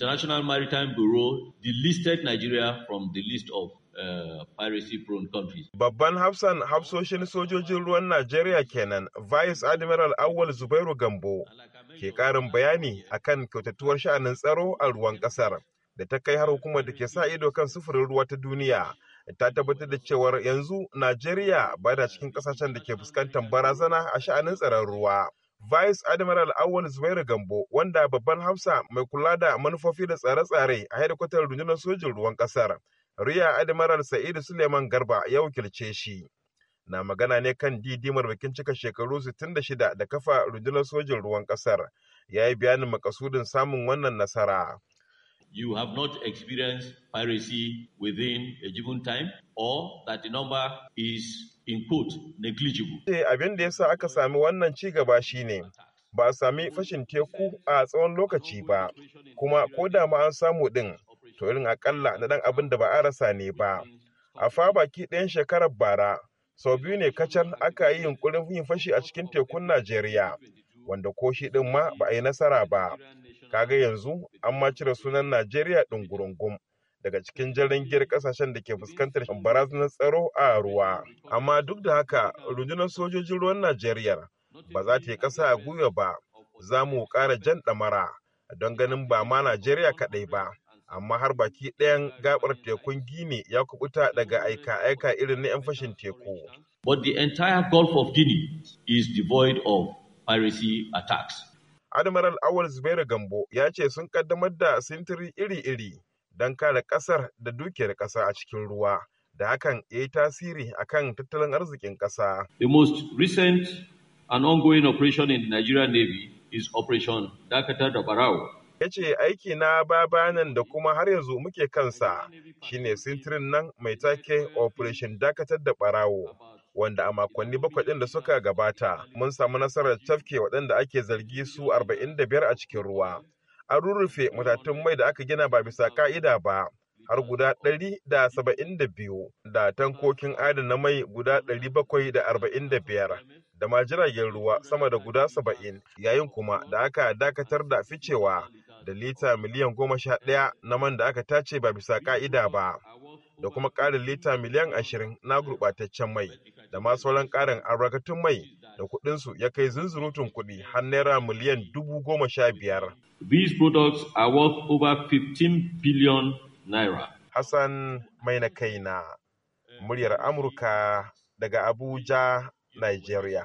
International Maritime Bureau delisted Nigeria from the list of uh, piracy-prone countries. Babban hafsan hafsoshin sojojin ruwan Najeriya kenan, Vice Admiral Awal Zubairu Gambo, ke ƙarin bayani akan kyautatuwar sha'anin tsaro a ruwan ƙasar da ta kai har hukumar da ke sa ido kan sufurin ruwa ta duniya. Ta tabbatar da cewar yanzu Najeriya ba da cikin ƙasashen da ke fuskantar barazana a sha'anin tsaron ruwa. Vice Admiral Awal Zubairu Gambo, wanda babban hausa mai kula da manufofi da tsare-tsare a hedikwatar rundunar sojin ruwan ƙasar, Riya Admiral Sa'id Suleiman Garba ya wakilce shi. Na magana ne kan didimar bikin cika shekaru 66 da kafa rundunar sojin ruwan ƙasar, ya yi bayanin makasudin samun wannan nasara. you have not experienced piracy within a given time or that the number is in quote negligible. Abin da yasa aka sami wannan ci gaba shi ne ba a sami fashin teku a tsawon lokaci ba kuma ko da ma an samu din to irin akalla na dan abin da ba a rasa ne ba a fa baki ɗayan shekarar bara sau biyu ne kacal aka yi yunkurin yin fashi a cikin tekun najeriya wanda ko shi din ma ba a yi nasara ba kaga yanzu an ma cire sunan najeriya ɗin gurungum daga cikin giyar ƙasashen da ke fuskantar barazanar tsaro a ruwa amma duk da haka rundunar sojojin ruwan najeriya ba za ta yi ƙasa a gwiwa ba za mu ƙara jan ɗamara don ganin ba ma najeriya kaɗai ba amma har baki ɗayan gaɓar tekun gini ya kubuta daga aika-aika irin na 'yan fashin teku. But the entire Gulf of Guinea is devoid of piracy attacks. Admiral Awal Zubairu Gambo ya ce sun kaddamar da sintiri iri-iri don kare ƙasar da dukiyar ƙasa a cikin ruwa da hakan ya yi tasiri a kan tattalin arzikin ƙasa. The most recent and ongoing operation in the Navy is Operation Dakatar da Barau. ya ce aiki na babanan da kuma har yanzu muke kansa shine sintirin nan mai take operation dakatar da barawo wanda a makonni bakwai ɗin da suka gabata mun samu nasarar tafke waɗanda ake zargi su 45 a cikin ruwa. An rurrufe matatun mai da aka gina ba bisa ka'ida ba har guda 172 da tankokin adana mai guda 745 da ma jiragen ruwa sama da guda saba'in yayin kuma da aka dakatar da ficewa da lita miliyan goma sha ɗaya na man da aka tace ba bisa ka'ida ba da kuma ƙarin lita miliyan ashirin na gurɓataccen mai da ma sauran ƙarin albarkatun mai da kuɗinsu ya kai zunzurutun kuɗi har naira miliyan dubu goma sha biyar. These products are worth over 15 billion naira. Hassan mai na kaina, muryar Amurka daga Abuja, Nigeria.